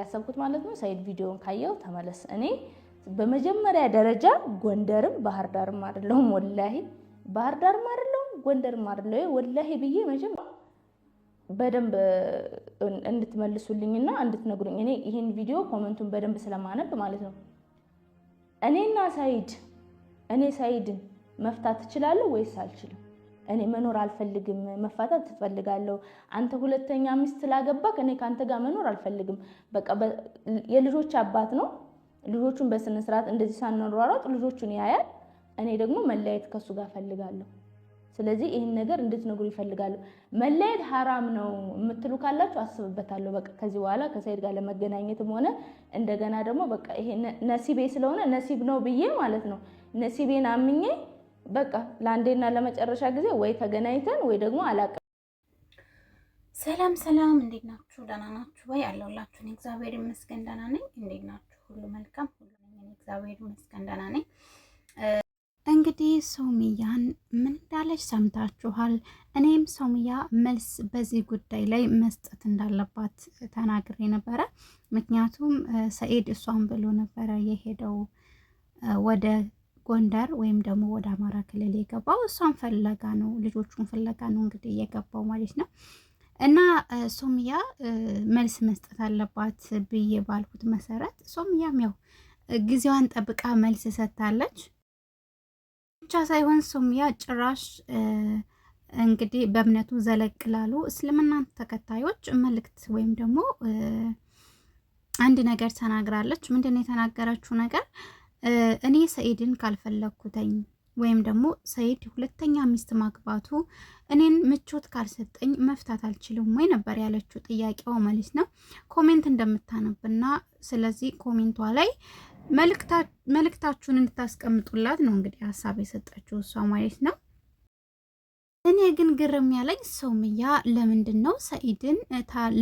ያሰብኩት ማለት ነው። ሳይድ ቪዲዮን ካየው ተመለስ። እኔ በመጀመሪያ ደረጃ ጎንደርም ባህር ዳርም አይደለሁም፣ ወላሂ ባህር ዳርም አይደለሁም፣ ጎንደርም አይደለሁ ወላሂ ብዬ መጀመሪያ በደንብ እንድትመልሱልኝና እንድትነግሩኝ እኔ ይህን ቪዲዮ ኮመንቱን በደንብ ስለማነብ ማለት ነው። እኔና ሳይድ እኔ ሳይድን መፍታት ትችላለሁ ወይስ አልችልም? እኔ መኖር አልፈልግም፣ መፋታት ትፈልጋለሁ። አንተ ሁለተኛ ሚስት ስላገባክ እኔ ከአንተ ጋር መኖር አልፈልግም። በቃ የልጆች አባት ነው። ልጆቹን በስነ ስርዓት እንደዚህ ሳንሯሯጥ ልጆቹን ያያል። እኔ ደግሞ መለያየት ከሱ ጋር ፈልጋለሁ። ስለዚህ ይህን ነገር እንድትነግሩ ይፈልጋሉ። መለየት ሀራም ነው የምትሉ ካላችሁ አስብበታለሁ። በቃ ከዚህ በኋላ ከሰይድ ጋር ለመገናኘትም ሆነ እንደገና ደግሞ በቃ ይሄ ነሲቤ ስለሆነ ነሲብ ነው ብዬ ማለት ነው ነሲቤን አምኜ በቃ ለአንዴና ለመጨረሻ ጊዜ ወይ ተገናኝተን ወይ ደግሞ አላቀ ሰላም ሰላም፣ እንዴት ናችሁ? ደህና ናችሁ ወይ? አለሁላችሁን። እግዚአብሔር ይመስገን ደህና ነኝ። እንዴት ናችሁ? ሁሉ መልካም ሁሉ እግዚአብሔር ይመስገን ደህና ነኝ። እንግዲህ ሶምያን ምን እንዳለች ሰምታችኋል። እኔም ሶምያ መልስ በዚህ ጉዳይ ላይ መስጠት እንዳለባት ተናግሬ ነበረ። ምክንያቱም ሰኢድ እሷን ብሎ ነበረ የሄደው ወደ ጎንደር ወይም ደግሞ ወደ አማራ ክልል የገባው እሷን ፍለጋ ነው፣ ልጆቹን ፍለጋ ነው እንግዲህ የገባው ማለት ነው። እና ሶምያ መልስ መስጠት አለባት ብዬ ባልኩት መሰረት ሶምያም ያው ጊዜዋን ጠብቃ መልስ ሰጥታለች። ብቻ ሳይሆን ሶምያ ጭራሽ እንግዲህ በእምነቱ ዘለቅ ላሉ እስልምና ተከታዮች መልእክት ወይም ደግሞ አንድ ነገር ተናግራለች። ምንድን ነው የተናገረችው ነገር? እኔ ሰኢድን ካልፈለግኩተኝ ወይም ደግሞ ሰኢድ ሁለተኛ ሚስት ማግባቱ እኔን ምቾት ካልሰጠኝ መፍታት አልችልም ወይ ነበር ያለችው ጥያቄዋ ማለት ነው። ኮሜንት እንደምታነብና ስለዚህ ኮሜንቷ ላይ መልእክታችሁን እንድታስቀምጡላት ነው እንግዲህ ሀሳብ የሰጠችው እሷ ማለት ነው። እኔ ግን ግርም ያለኝ ሰውምያ ለምንድን ነው ሰኢድን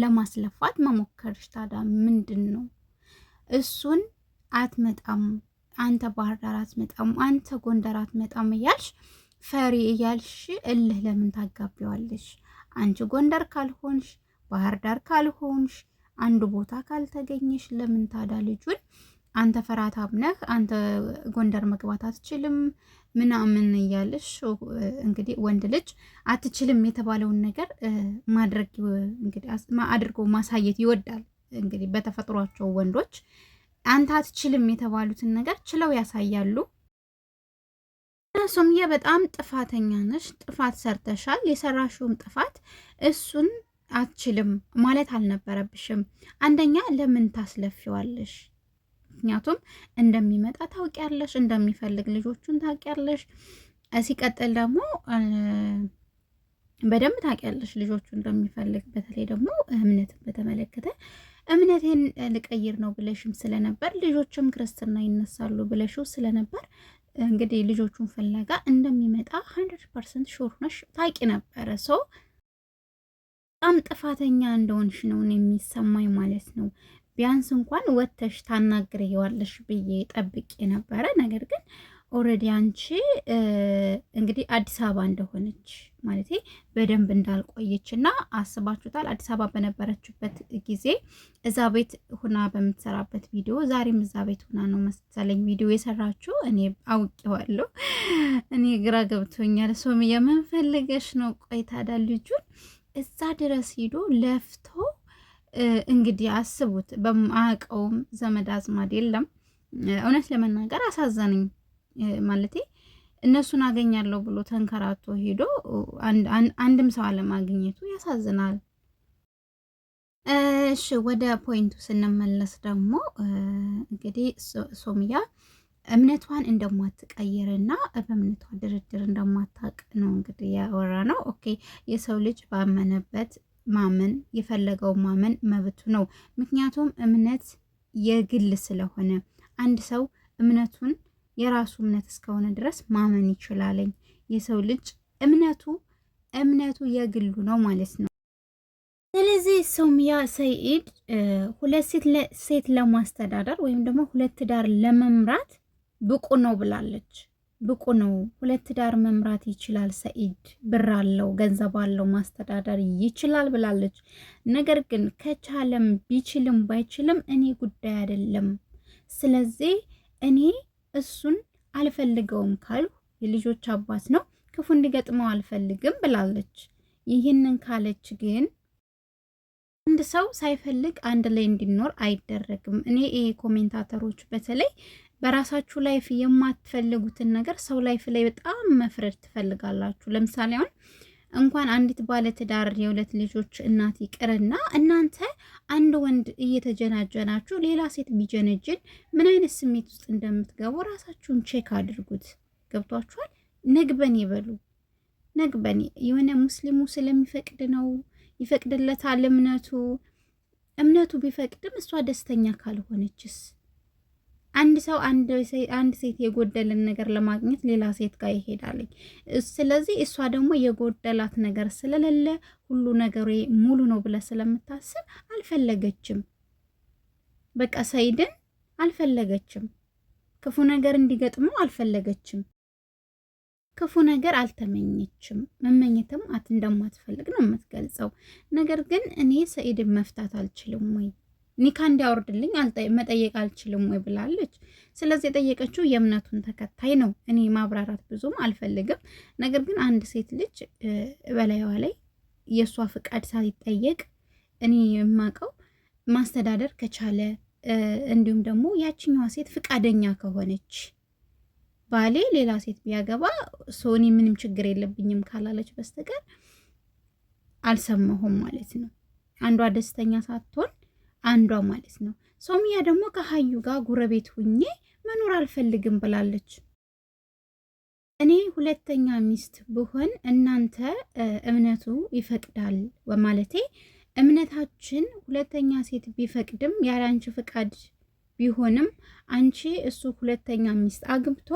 ለማስለፋት መሞከርሽ? ታዲያ ምንድን ነው እሱን አትመጣም አንተ ባህር ዳር አትመጣም፣ አንተ ጎንደር አትመጣም እያልሽ ፈሪ እያልሽ እልህ ለምን ታጋቢዋለሽ? አንቺ ጎንደር ካልሆንሽ ባህር ዳር ካልሆንሽ አንድ ቦታ ካልተገኘሽ ለምን ታዳ ልጁን አንተ ፈራታም ነህ፣ አንተ ጎንደር መግባት አትችልም ምናምን እያለሽ እንግዲህ ወንድ ልጅ አትችልም የተባለውን ነገር ማድረግ እንግዲህ አድርጎ ማሳየት ይወዳል። እንግዲህ በተፈጥሯቸው ወንዶች አንተ አትችልም የተባሉትን ነገር ችለው ያሳያሉ። ሱምያ በጣም ጥፋተኛ ነሽ፣ ጥፋት ሰርተሻል። የሰራሽውም ጥፋት እሱን አትችልም ማለት አልነበረብሽም። አንደኛ ለምን ታስለፊዋለሽ? ምክንያቱም እንደሚመጣ ታውቂያለሽ፣ እንደሚፈልግ ልጆቹን ታውቂያለሽ። ሲቀጥል ደግሞ በደንብ ታውቂያለሽ ልጆቹ እንደሚፈልግ፣ በተለይ ደግሞ እምነትን በተመለከተ እምነቴን ልቀይር ነው ብለሽም ስለነበር ልጆችም ክርስትና ይነሳሉ ብለሽው ስለነበር እንግዲህ ልጆቹን ፍለጋ እንደሚመጣ ሀንድርድ ፐርሰንት ሹር ነሽ ታቂ ነበረ ሰው በጣም ጥፋተኛ እንደሆንሽ ነው የሚሰማኝ ማለት ነው። ቢያንስ እንኳን ወተሽ ታናግሬዋለሽ ብዬ ጠብቄ ነበረ ነገር ግን ኦልሬዲ አንቺ እንግዲህ አዲስ አበባ እንደሆነች ማለት በደንብ እንዳልቆየች እና አስባችሁታል። አዲስ አበባ በነበረችበት ጊዜ እዛ ቤት ሁና በምትሰራበት ቪዲዮ ዛሬም እዛ ቤት ሁና ነው መሰለኝ ቪዲዮ የሰራችው። እኔ አውቄዋለሁ። እኔ ግራ ገብቶኛል። ሶም የምን ነው? ቆይ ታዲያ ልጁን እዛ ድረስ ሂዶ ለፍቶ እንግዲህ አስቡት። በማቀውም ዘመድ አዝማድ የለም። እውነት ለመናገር አሳዘነኝ። ማለት እነሱን አገኛለሁ ብሎ ተንከራቶ ሄዶ አንድም ሰው አለማግኘቱ ያሳዝናል። እሺ ወደ ፖይንቱ ስንመለስ ደግሞ እንግዲህ ሶምያ እምነቷን እንደማትቀይርና በእምነቷ ድርድር እንደማታቅ ነው እንግዲህ ያወራ ነው። ኦኬ የሰው ልጅ ባመነበት ማመን የፈለገው ማመን መብቱ ነው። ምክንያቱም እምነት የግል ስለሆነ አንድ ሰው እምነቱን የራሱ እምነት እስከሆነ ድረስ ማመን ይችላለኝ። የሰው ልጅ እምነቱ እምነቱ የግሉ ነው ማለት ነው። ስለዚህ ሱምያ ሰኢድ ሁለት ሴት ለማስተዳደር ወይም ደግሞ ሁለት ዳር ለመምራት ብቁ ነው ብላለች። ብቁ ነው፣ ሁለት ዳር መምራት ይችላል ሰኢድ፣ ብር አለው፣ ገንዘብ አለው፣ ማስተዳደር ይችላል ብላለች። ነገር ግን ከቻለም ቢችልም ባይችልም እኔ ጉዳይ አይደለም። ስለዚህ እኔ እሱን አልፈልገውም ካሉ የልጆች አባት ነው፣ ክፉ እንዲገጥመው አልፈልግም ብላለች። ይህንን ካለች ግን አንድ ሰው ሳይፈልግ አንድ ላይ እንዲኖር አይደረግም። እኔ ይሄ ኮሜንታተሮች በተለይ በራሳችሁ ላይፍ የማትፈልጉትን ነገር ሰው ላይፍ ላይ በጣም መፍረድ ትፈልጋላችሁ። ለምሳሌ አሁን እንኳን አንዲት ባለትዳር የሁለት ልጆች እናት ይቅርና እናንተ አንድ ወንድ እየተጀናጀናችሁ ሌላ ሴት ቢጀነጅን ምን አይነት ስሜት ውስጥ እንደምትገቡ ራሳችሁን ቼክ አድርጉት። ገብቷችኋል? ነግበን ይበሉ ነግበን የሆነ ሙስሊሙ ስለሚፈቅድ ነው ይፈቅድለታል እምነቱ እምነቱ ቢፈቅድም እሷ ደስተኛ ካልሆነችስ አንድ ሰው አንድ ሴት የጎደለን ነገር ለማግኘት ሌላ ሴት ጋር ይሄዳልኝ። ስለዚህ እሷ ደግሞ የጎደላት ነገር ስለሌለ ሁሉ ነገሬ ሙሉ ነው ብለ ስለምታስብ አልፈለገችም። በቃ ሰይድን አልፈለገችም። ክፉ ነገር እንዲገጥመው አልፈለገችም። ክፉ ነገር አልተመኘችም። መመኘትም አት እንደማትፈልግ ነው የምትገልጸው። ነገር ግን እኔ ሰኢድን መፍታት አልችልም ወይ ኒካ እንዲያወርድልኝ መጠየቅ አልችልም ወይ ብላለች። ስለዚህ የጠየቀችው የእምነቱን ተከታይ ነው። እኔ ማብራራት ብዙም አልፈልግም። ነገር ግን አንድ ሴት ልጅ በላይዋ ላይ የእሷ ፍቃድ ሳይጠየቅ እኔ የማውቀው ማስተዳደር ከቻለ እንዲሁም ደግሞ ያችኛዋ ሴት ፍቃደኛ ከሆነች ባሌ ሌላ ሴት ቢያገባ ሶኒ ምንም ችግር የለብኝም ካላለች በስተቀር አልሰማሁም ማለት ነው። አንዷ ደስተኛ ሳትሆን አንዷ ማለት ነው። ሶሚያ ደግሞ ከሀዩ ጋር ጉረቤት ሁኜ መኖር አልፈልግም ብላለች። እኔ ሁለተኛ ሚስት ብሆን እናንተ እምነቱ ይፈቅዳል በማለቴ እምነታችን ሁለተኛ ሴት ቢፈቅድም ያለ አንቺ ፍቃድ ቢሆንም አንቺ እሱ ሁለተኛ ሚስት አግብቶ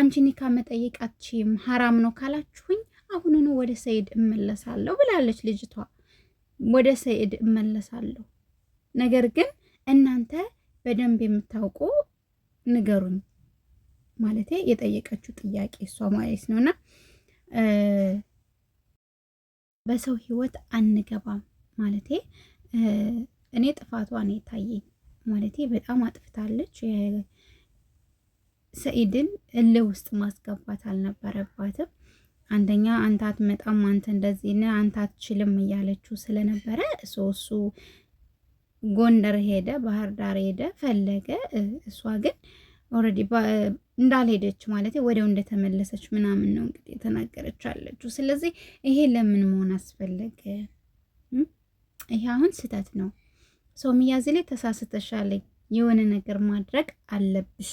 አንቺ ኒካ መጠየቅ አትችይም ሀራም ነው ካላችሁኝ አሁኑኑ ወደ ሰይድ እመለሳለሁ ብላለች ልጅቷ። ወደ ሰይድ እመለሳለሁ ነገር ግን እናንተ በደንብ የምታውቁ ንገሩኝ፣ ማለቴ የጠየቀችው ጥያቄ እሷ ማለት ነው። እና በሰው ህይወት አንገባም ማለቴ እኔ ነው የታየኝ ማለቴ በጣም አጥፍታለች። ሰኢድን እልህ ውስጥ ማስገባት አልነበረባትም። አንደኛ አንተ አትመጣም፣ አንተ እንደዚህ ነህ፣ አንተ አትችልም እያለችው ስለነበረ እሱ ጎንደር ሄደ፣ ባህር ዳር ሄደ፣ ፈለገ። እሷ ግን ኦልሬዲ እንዳልሄደች ማለት ወዲያው እንደተመለሰች ምናምን ነው እንግዲህ የተናገረች አለችው። ስለዚህ ይሄ ለምን መሆን አስፈለገ? ይሄ አሁን ስህተት ነው። ሰው ሚያዝ ላይ ተሳስተሻለኝ፣ የሆነ ነገር ማድረግ አለብሽ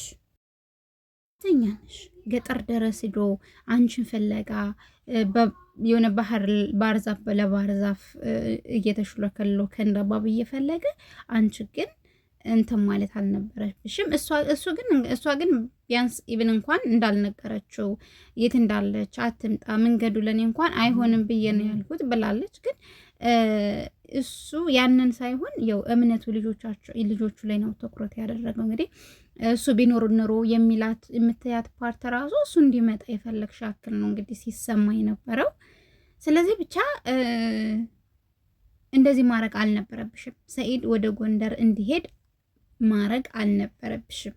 ደስተኛ ነሽ። ገጠር ደረስ ሂዶ አንቺን ፈለጋ የሆነ ባህር ባህር ዛፍ ለባህር ዛፍ እየተሽሎከሎከ እንደ እየፈለገ አንቺ ግን እንትን ማለት አልነበረብሽም። እሱ ግን እሷ ግን ቢያንስ ኢብን እንኳን እንዳልነገረችው የት እንዳለች አትምጣ፣ መንገዱ ለእኔ እንኳን አይሆንም ብዬ ነው ያልኩት ብላለች። ግን እሱ ያንን ሳይሆን ያው እምነቱ ልጆቻቸው ልጆቹ ላይ ነው ትኩረት ያደረገው እንግዲህ እሱ ቢኖር ኑሮ የሚላት የምትያት ፓርት ራሱ እሱ እንዲመጣ የፈለግሽ አክል ነው እንግዲህ ሲሰማ የነበረው። ስለዚህ ብቻ እንደዚህ ማድረግ አልነበረብሽም። ሰኢድ ወደ ጎንደር እንዲሄድ ማድረግ አልነበረብሽም።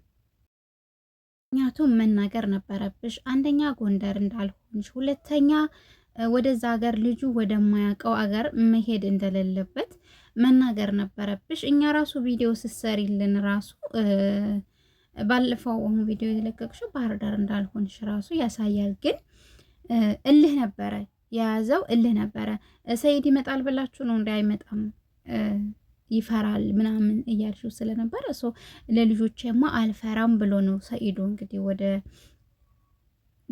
ምክንያቱም መናገር ነበረብሽ። አንደኛ ጎንደር እንዳልሆንሽ፣ ሁለተኛ ወደዛ ሀገር ልጁ ወደማያውቀው አገር መሄድ እንደሌለበት መናገር ነበረብሽ። እኛ ራሱ ቪዲዮ ስሰሪልን ራሱ ባለፈው አሁን ቪዲዮ የለቀቅሽው ባህር ዳር እንዳልሆንሽ ራሱ ያሳያል። ግን እልህ ነበረ የያዘው እልህ ነበረ። ሰይድ ይመጣል ብላችሁ ነው እንዲ አይመጣም ይፈራል ምናምን እያልሽው ስለነበረ እሱ ለልጆቼማ አልፈራም ብሎ ነው ሰይዱ እንግዲህ ወደ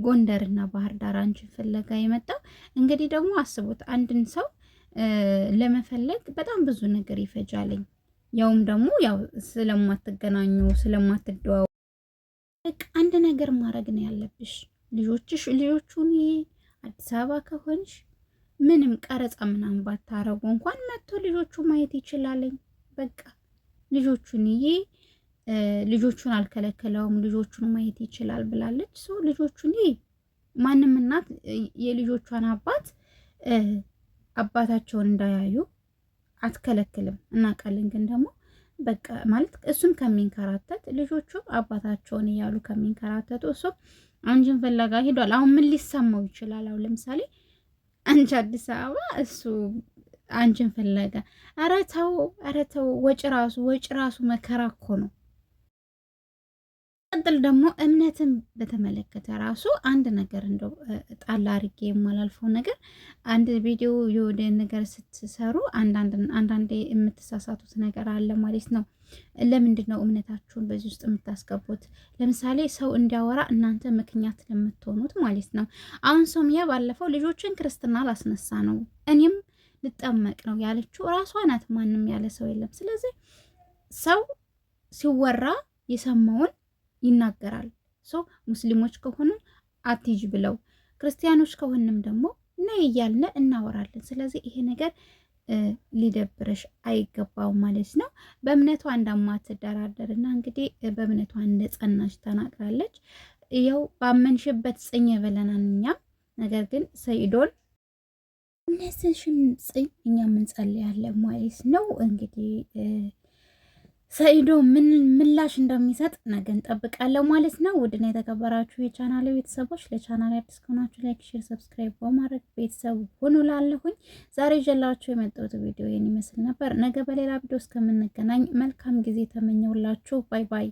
ጎንደር እና ባህር ዳር አንቺን ፍለጋ የመጣው። እንግዲህ ደግሞ አስቡት አንድን ሰው ለመፈለግ በጣም ብዙ ነገር ይፈጃልኝ። ያውም ደግሞ ያው ስለማትገናኙ በቃ አንድ ነገር ማድረግ ነው ያለብሽ። ልጆችሽ ልጆቹን አዲስ አበባ ከሆንሽ ምንም ቀረጻ ምናምን ባታረጉ እንኳን መጥቶ ልጆቹ ማየት ይችላለኝ። በቃ ልጆቹን ይዬ ልጆቹን አልከለከለውም ልጆቹን ማየት ይችላል ብላለች። ሰው ልጆቹን ይሄ ማንም እናት የልጆቿን አባት አባታቸውን እንዳያዩ አትከለክልም። እናውቃለን። ግን ደግሞ በቃ ማለት እሱም ከሚንከራተት ልጆቹ አባታቸውን እያሉ ከሚንከራተቱ እሱ አንቺን ፍለጋ ሄዷል። አሁን ምን ሊሰማው ይችላል? አሁን ለምሳሌ አንቺ አዲስ አበባ እሱ አንቺን ፍለጋ፣ ኧረ ተው፣ ኧረ ተው። ወጪ ራሱ ወጪ ራሱ መከራ እኮ ነው። ቀጥል ደግሞ እምነትን በተመለከተ ራሱ አንድ ነገር እንደ ጣል አድርጌ የማላልፈው ነገር አንድ ቪዲዮ የወደ ነገር ስትሰሩ አንዳንዴ የምትሳሳቱት ነገር አለ ማለት ነው። ለምንድን ነው እምነታችሁን በዚህ ውስጥ የምታስገቡት? ለምሳሌ ሰው እንዲያወራ እናንተ ምክንያት ለምትሆኑት ማለት ነው። አሁን ሶምያ ባለፈው ልጆችን ክርስትና ላስነሳ ነው እኔም ልጠመቅ ነው ያለችው ራሷ ናት። ማንም ያለ ሰው የለም። ስለዚህ ሰው ሲወራ የሰማውን ይናገራል። ሶ ሙስሊሞች ከሆኑ አቲጅ ብለው ክርስቲያኖች ከሆንም ደግሞ ነይ እያልን እናወራለን። ስለዚህ ይሄ ነገር ሊደብረሽ አይገባው ማለት ነው። በእምነቷ እንዳማትደራደር እና እንግዲህ በእምነቷ እንደጸናች ተናግራለች። ያው ባመንሽበት ጽኝ ብለናል እኛም። ነገር ግን ሰይዶን እነስሽን ጽኝ እኛ ምንጸልያለን ማለት ነው እንግዲህ ሰኢዶ ምን ምላሽ እንደሚሰጥ ነገ እንጠብቃለን ማለት ነው። ውድና የተከበራችሁ የቻናል ቤተሰቦች ለቻናል አዲስ ከሆናችሁ ላይክ፣ ሼር፣ ሰብስክራይብ በማድረግ ቤተሰቡ ሁኑ። ላለሁኝ ዛሬ ይዤላችሁ የመጣሁት ቪዲዮ ይህን ይመስል ነበር። ነገ በሌላ ቪዲዮ እስከምንገናኝ መልካም ጊዜ ተመኘውላችሁ። ባይ ባይ።